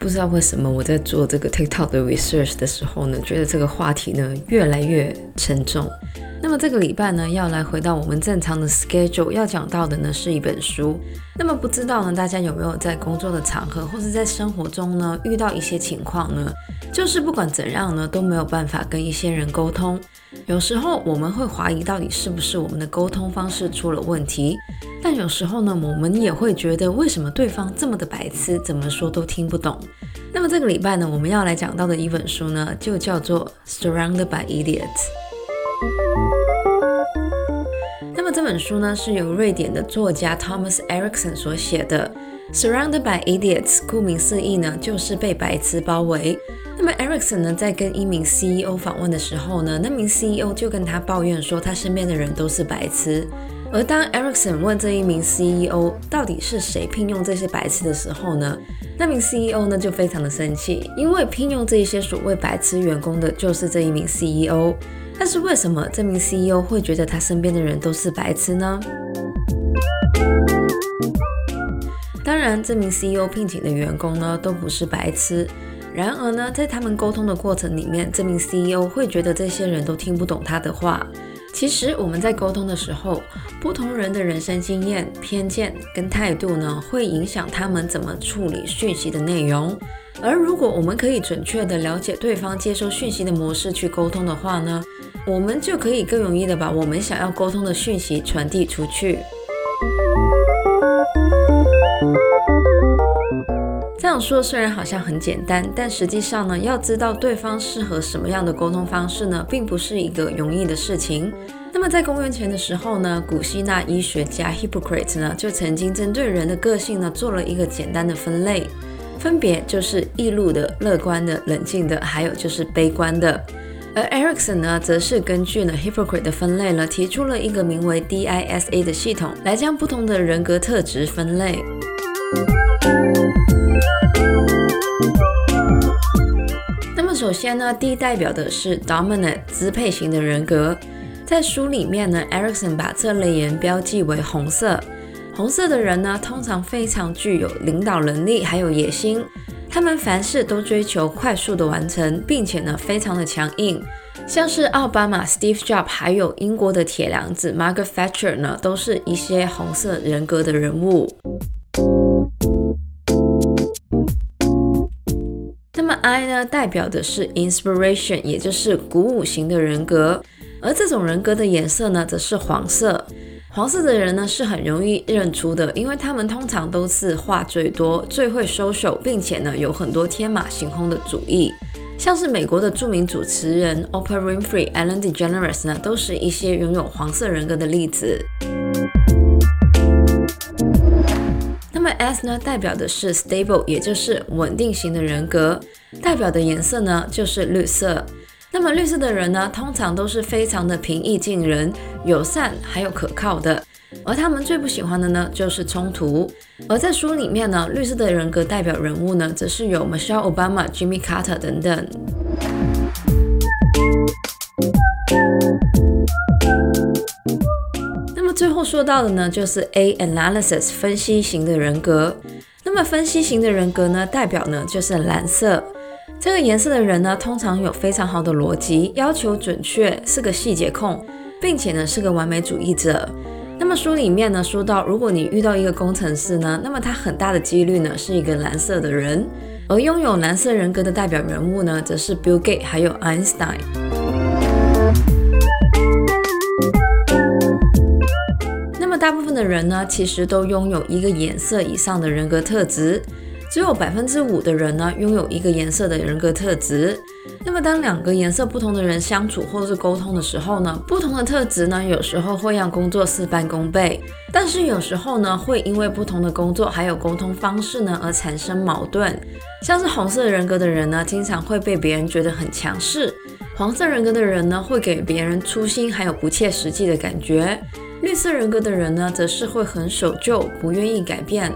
不知道為什麼，我在做這個 TikTok 的 research 的時候呢，覺得這個話題呢越來越沉重。那麼這個禮拜呢，要來回到我們正常的 schedule，要講到的呢是一本書。那麼不知道呢，大家有沒有在工作的場合或是在生活中呢，遇到一些情況呢？就是不管怎樣呢，都沒有辦法跟一些人溝通。有時候我們會懷疑到底是不是我們的溝通方式出了問題，但有時候呢，我們也會覺得為什麼對方這麼的白痴，怎麼說都聽不懂。那麼這個禮拜呢，我們要來講到的一本書呢，就叫做《Surrounded by Idiots》。這本書呢是由瑞典的作家 Thomas Erikson 所寫的，《Surrounded by Idiots》。顧名思義呢，就是被白痴包圍。那麼 Erikson 呢，在跟一名 CEO 訪問的時候呢，那名 CEO 就跟他抱怨說，他身邊的人都是白痴。而當 Erikson 問這一名 CEO 到底是誰聘用這些白痴的時候呢，那名 CEO 呢就非常的生氣，因為聘用這些所謂白痴員工的就是這一名 CEO。但是為什麼這名 CEO 會覺得他身邊的人都是白癡呢？當然，這名 CEO 聘請的員工呢都不是白癡。然而呢，在他們溝通的過程裡面，這名 CEO 會覺得這些人都聽不懂他的話。其實我們在溝通的時候，不同人的人生經驗、偏見跟態度呢，會影響他們怎麼處理訊息的內容。而如果我們可以準確地了解對方接收訊息的模式去溝通的話呢，我們就可以更容易的把我們想要溝通的訊息傳遞出去。這樣說雖然好像很簡單，但實際上呢，要知道對方適合什麼樣的溝通方式呢，並不是一個容易的事情。那麼在公元前的時候呢，古希臘醫學家 Hippocrates 呢，就曾經針對人的個性呢，做了一個簡單的分類，分別就是易怒的、樂觀的、冷靜的，還有就是悲觀的。而 Erikson 呢，則是根據呢 Hypocrite 的分類呢，提出了一個名為 DISA 的系統，來將不同的人格特質分類。 那麼，首先呢，D 代表的是 Dominant，支配型的人格。在書裡面呢，Erikson 把這類人標記為紅色。紅色的人呢，通常非常具有領導能力，還有野心。他們凡事都追求快速的完成，並且呢，非常的強硬，像是奧巴馬、Steve Jobs，還有英國的鐵娘子 Margaret Thatcher 呢，都是一些紅色人格的人物。 那麼 I 呢，代表的是 Inspiration，也就是鼓舞型的人格，而這種人格的顏色呢，則是黃色。黃色的人呢，是很容易認出的，因為他們通常都是話最多、最會 social，並且呢，有很多天馬行空的主意。像是美國的著名主持人 Oprah Winfrey、Ellen DeGeneres 呢，都是一些擁有黃色人格的例子。那麼 S 呢，代表的是 stable，也就是穩定型的人格，代表的顏色呢，就是綠色。那麼綠色的人呢，通常都是非常的平易近人、友善，還有可靠的。而他們最不喜歡的呢，就是衝突。而在書裡面呢，綠色的人格代表人物呢，則是有 Michelle Obama、Jimmy Carter 等等。 那麼最後說到的呢，就是 A Analysis 分析型的人格。那麼分析型的人格呢，代表呢，就是藍色。這個顏色的人呢，通常有非常好的邏輯，要求準確，是個細節控，並且呢是個完美主義者。那麼書裡面呢說到，如果你遇到一個工程師呢，那麼他很大的幾率呢是一個藍色的人，而擁有藍色人格的代表人物呢，則是 Bill Gates 還有 Einstein。那麼大部分的人呢，其實都擁有一個顏色以上的人格特質。只有百分之五的人呢，擁有一個顏色的人格特質。那麼，當兩個顏色不同的人相處或是溝通的時候呢，不同的特質呢，有時候會讓工作事半功倍，但是有時候呢，會因為不同的工作還有溝通方式呢，而產生矛盾。像是紅色人格的人呢，經常會被別人覺得很強勢；黃色人格的人呢，會給別人粗心還有不切實際的感覺；綠色人格的人呢，則是會很守舊，不願意改變。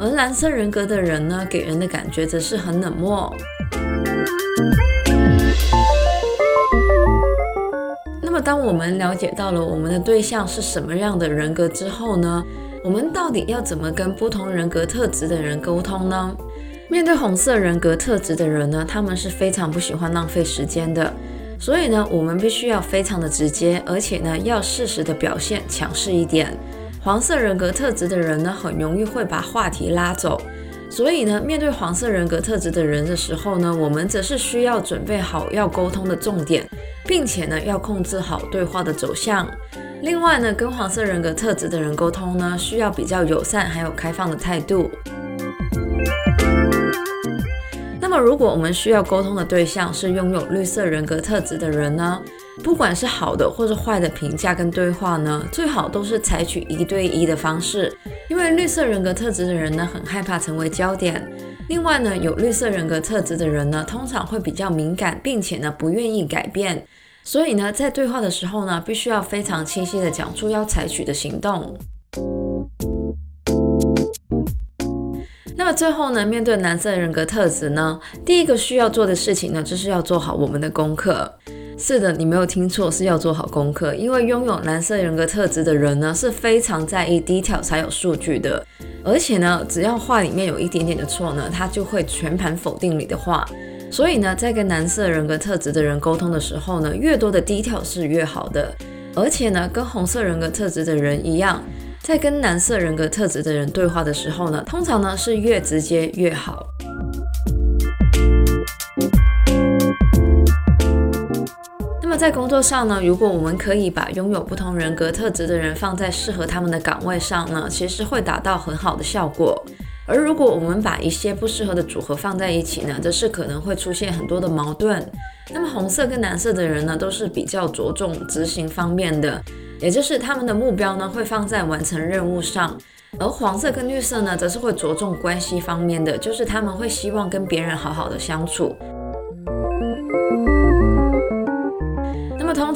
而藍色人格的人呢，給人的感覺則是很冷漠。那麼，當我們了解到了我們的對象是什麼樣的人格之後呢，我們到底要怎麼跟不同人格特質的人溝通呢？面對紅色人格特質的人呢，他們是非常不喜歡浪費時間的，所以呢，我們必須要非常的直接，而且呢，要適時的表現強勢一點。黃色人格特質的人呢，很容易會把話題拉走，所以呢，面對黃色人格特質的人的時候呢，我們則是需要準備好要溝通的重點，並且呢，要控制好對話的走向。另外呢，跟黃色人格特質的人溝通呢，需要比較友善還有開放的態度。那麼，如果我們需要溝通的對象是擁有綠色人格特質的人呢？不管是好的或是壞的評價跟對話呢，最好都是採取一對一的方式，因為綠色人格特質的人呢，很害怕成為焦點。另外呢，有綠色人格特質的人呢，通常會比較敏感，並且呢，不願意改變，所以呢，在對話的時候呢，必須要非常清晰地講出要採取的行動。 那麼最後呢，面對藍色人格特質呢，第一個需要做的事情呢就是要做好我們的功課。是的，你沒有聽錯，是要做好功課。因為擁有藍色人格特質的人呢，是非常在意 detail 才有數據的。而且呢，只要話裡面有一點點的錯呢，他就會全盤否定你的話。所以呢，在跟藍色人格特質的人溝通的時候呢，越多的 detail 是越好的。而且呢，跟紅色人格特質的人一樣，在跟藍色人格特質的人對話的時候呢，通常呢，是越直接越好。在工作上呢，如果我們可以把擁有不同人格特質的人放在適合他們的崗位上呢，其實會達到很好的效果。而如果我們把一些不適合的組合放在一起呢，則是可能會出現很多的矛盾。那麼紅色跟藍色的人呢，都是比較着重執行方面的，也就是他們的目標呢會放在完成任務上；而黃色跟綠色呢，則是會着重關係方面的，就是他們會希望跟別人好好的相處。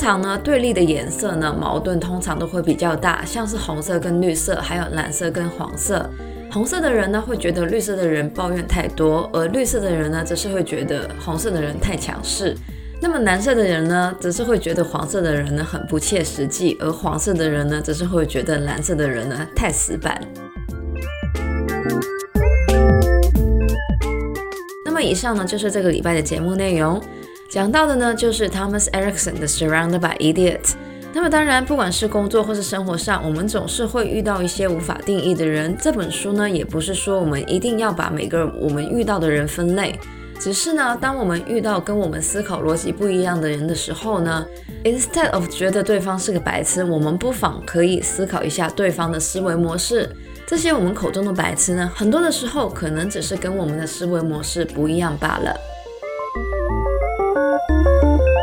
通常呢，對立的顏色呢，矛盾通常都會比較大，像是紅色跟綠色，還有藍色跟黃色。紅色的人呢，會覺得綠色的人抱怨太多；而綠色的人呢，則是會覺得紅色的人太強勢。那麼藍色的人呢，則是會覺得黃色的人呢很不切實際；而黃色的人呢，則是會覺得藍色的人呢太死板。那麼以上呢，就是這個禮拜的節目內容。講到的呢，就是 Thomas Erikson 的 Surrounded by Idiots。那麼當然，不管是工作或是生活上，我們總是會遇到一些無法定義的人。這本書呢，也不是說我們一定要把每個我們遇到的人分類，只是呢，當我們遇到跟我們思考邏輯不一樣的人的時候呢 ，instead of 覺得對方是個白痴，我們不妨可以思考一下對方的思維模式。這些我們口中的白痴呢，很多的時候可能只是跟我們的思維模式不一樣罷了。